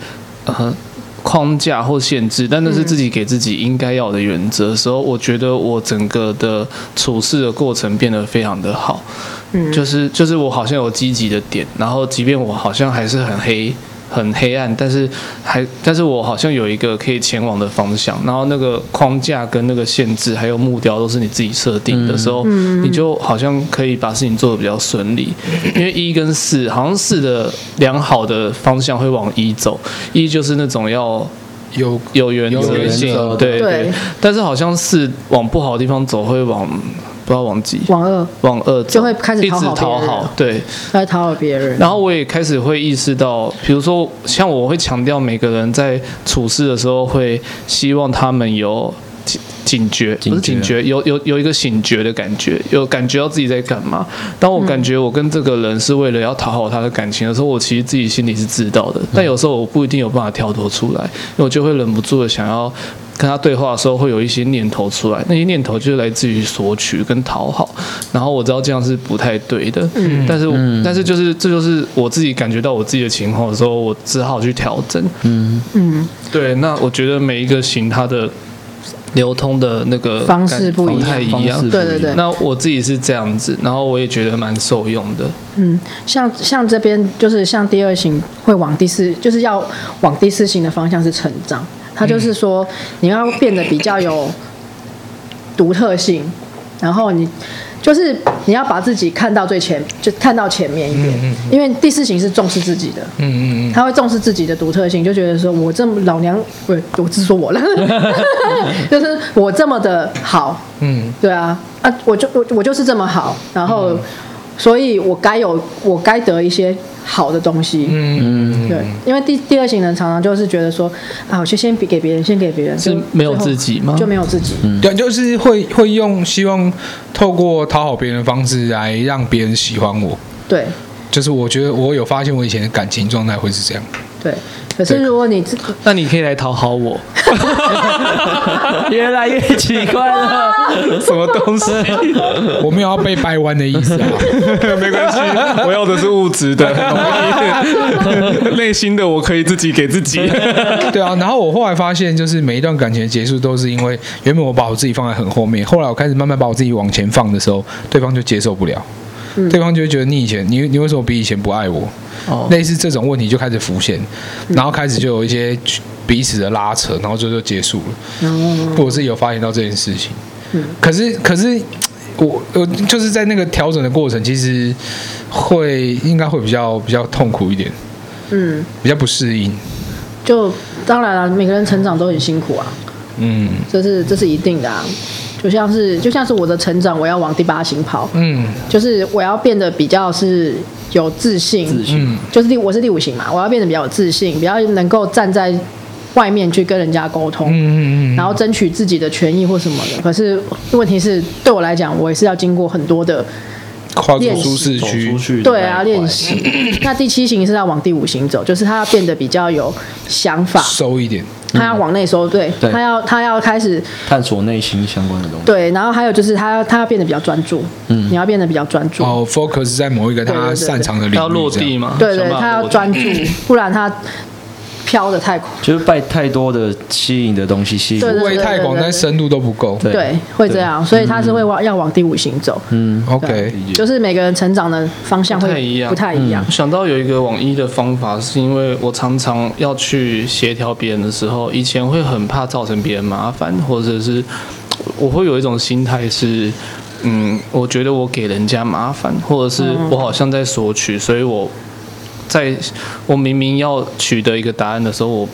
Speaker 1: 呃框架或限制，但那是自己給自己應該要的原則。所、嗯、以我覺得我整個的處事的過程變得非常的好，嗯，就是就是我好像有積極的點，然後即便我好像還是很黑。很黑暗，但是還，但是我好像有一個可以前往的方向。然後那個框架跟那個限制，還有目標都是你自己設定的時候、嗯，你就好像可以把事情做得比較順利。因為一跟四，好像四的良好的方向會往一走，一就是那種要有原有，有原則性、啊，對對，對。但是好像四往不好的地方走，會往。不要忘記，往二，往二就會開始討好一直討好，對，
Speaker 2: 來討好別人。然
Speaker 1: 後我也開始會意識到，比如說像我會強調每個人在處事的時候，會希望他們有。警覺，不是警覺，警覺有有有一個醒覺的感覺，有感覺到自己在幹嘛。當我感覺我跟這個人是為了要討好他的感情的時候，我其實自己心裡是知道的。但有時候我不一定有辦法跳脫出來，因為我就會忍不住的想要跟他對話的時候，會有一些念頭出來。那些念頭就是來自於索取跟討好。然後我知道這樣是不太對的，嗯，但是、嗯、但是就是這就是我自己感覺到我自己的情況的時候，我只好去調整。嗯嗯，對，那我覺得每一個型他的。流通的那個方式不太一,一,一樣，對對對。那我自己是這樣子，然後我也覺得蠻受用的。
Speaker 3: 嗯，
Speaker 2: 像像這邊就是像第二型會往第四，就是要往第四型的方向是成長。他就是說、嗯、你要變得比較有獨特性，然後你。就是你要把自己看到最前，就看到前面一點，嗯嗯嗯，因為第四型是重視自己的，
Speaker 3: 嗯嗯嗯，他
Speaker 2: 會重視自己的獨特性，就覺得說，我這麼老娘，不、欸，我只說我
Speaker 3: 了，
Speaker 2: 就是我這麼的好，嗯，對啊，啊，我就我我就是這麼好，然後。嗯所以，我該有，我該得一些好的東西。嗯
Speaker 3: 嗯，對，
Speaker 2: 因為第第二型人常常就是覺得說，啊，我先先給給別人，先給別人是沒有自己嗎？就沒有自己，
Speaker 1: 對，就是會會用希望透過討好別人的方式來讓別人喜歡我。對，就是我覺得我有發現我以前的感情狀態會是這樣。
Speaker 2: 對。可是如果你自己，那
Speaker 1: 你可以來討好我，
Speaker 2: 越 來越奇怪了，
Speaker 1: 什麼東西？我沒有要被掰彎的意思啊，沒關係，我要的是物質的，內心的我可以自己給自己，對啊。然後我後來發現，就是每一段感情的結束都是因為，原本我把我自己放在很後面，後來我開始慢慢把我自己往前放的時候，對方就接受不了。嗯、對方就會覺得你以前，你你為什麼比以前不愛我？哦？類似這種問題就開始浮現，嗯，然後開始就有一些彼此的拉扯，然後就就結束了，嗯、或者是有發現到這件事情。嗯、可是可是我我就是在那個調整的過程，其實會應該會比較比較痛苦一點，嗯，比較不適應。
Speaker 2: 就當然了、啊，每個人成長都很辛苦啊，嗯，這是這是一定的、啊。就像是就像是我的成長，我要往第八型跑，嗯，就是我要變得比較是有自信，自信，嗯、就是第我是第五型嘛，我要變得比較有自信，比較能夠站在外面去跟人家溝通，嗯嗯嗯，嗯，然後爭取自己的權益或什麼的。可是問題是對我來講，我也是要經過很多的跨舒適區，對啊，練習。那第七型是要往第五型走，就是他要變得比較有想法，收一點。他要往內收，對，嗯、對他要他要開始
Speaker 1: 探索內心相關的
Speaker 2: 東西。對，然後還有就是他要他要變得比較專注，嗯，你要變得比較專注。哦、
Speaker 1: oh，focus 在某一個他擅長的領域，對對對對，要落地嗎？對對，他要專注，
Speaker 2: 不然他。飄得太
Speaker 1: 快，就是被太多的吸引的東西，吸引。範圍太廣，但深度都不夠。對，會這樣，嗯、所以他
Speaker 2: 是會往要往第五行走。嗯，嗯，OK，就是每個人成長的方向會不太一樣，不太
Speaker 3: 一樣。
Speaker 1: 想到有一個往一的方法，是因為我常常要去協調別人的時候，以前會很怕造成別人麻煩，或者是我會有一種心態是，嗯，我覺得我給人家麻煩，或者是我好像在索取，嗯、所以我。在我明明要取得一個答案的時候，我、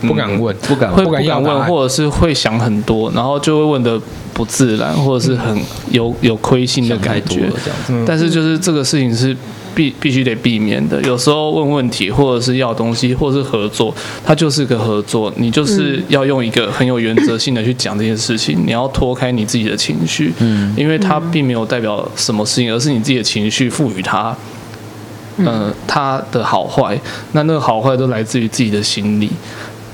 Speaker 1: 嗯、不敢，不敢問，不敢，不敢問，或者是會想很多，然後就會問得不自然，或者是很有有虧心的感覺、嗯。但是就是這個事情是必必須得避免的、嗯。有時候問問題，或者是要東西，或者是合作，它就是個合作，你就是要用一個很有原則性的去講這件事情、嗯，你要脫開你自己的情緒，嗯，因為它並沒有代表什麼事情，而是你自己的情緒賦予它。嗯、呃，他的好壞，那那個好壞都來自於自己的心理。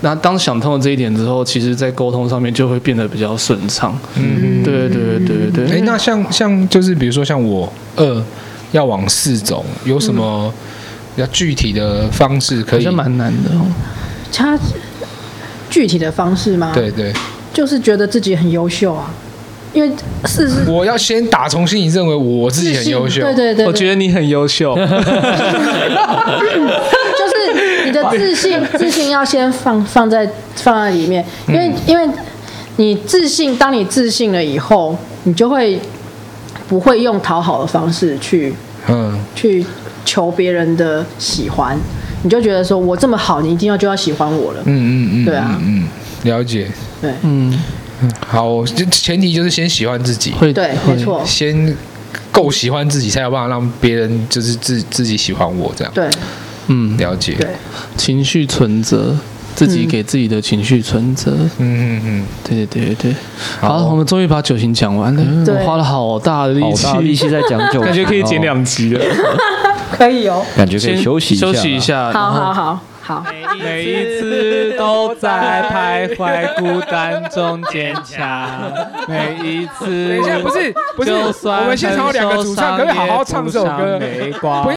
Speaker 1: 那當想通了這一點之後，其實在溝通上面就會變得比較順暢。嗯，嗯對對對對對、欸。哎，那像像就是比如說像我二要往四走，有什麼比較具體的方式？可以？是、嗯、蠻難的哦。
Speaker 2: 他具體的方式嗎？對對，對，就是覺得自己很優秀啊。因為是，是
Speaker 1: 我要先打從心裡認為我自己很優秀，對，對對對，我覺得你很優秀
Speaker 3: 就是，就是你的自信，自信
Speaker 2: 要先放放在放在裡面，因為、嗯、因為你自信，當你自信了以後，你就會不會用討好的方式去嗯去求別人的喜歡，你就覺得說我這麼好，你一定要就要喜歡我了，
Speaker 1: 嗯嗯嗯，對啊，了解，
Speaker 3: 對，嗯。
Speaker 1: 好，就前提就是先喜歡自己，對，沒錯，先夠喜歡自己，才有辦法讓別人就是自自己喜歡我這樣。對，嗯，了解。對，情緒存折，自己給自己的情緒存折。嗯嗯嗯，對對對對好，好、哦，我們終於把九型講完了，我花了好大的力氣，力氣在講九型， 感覺可以剪兩集了，
Speaker 3: 可以哦，感覺可以休息一下休
Speaker 1: 息一下，好好
Speaker 2: 好。每一次
Speaker 1: 都在徘徊，孤單中堅強。每一次，不是不是，我們現場有兩個主唱，可以好好唱首歌。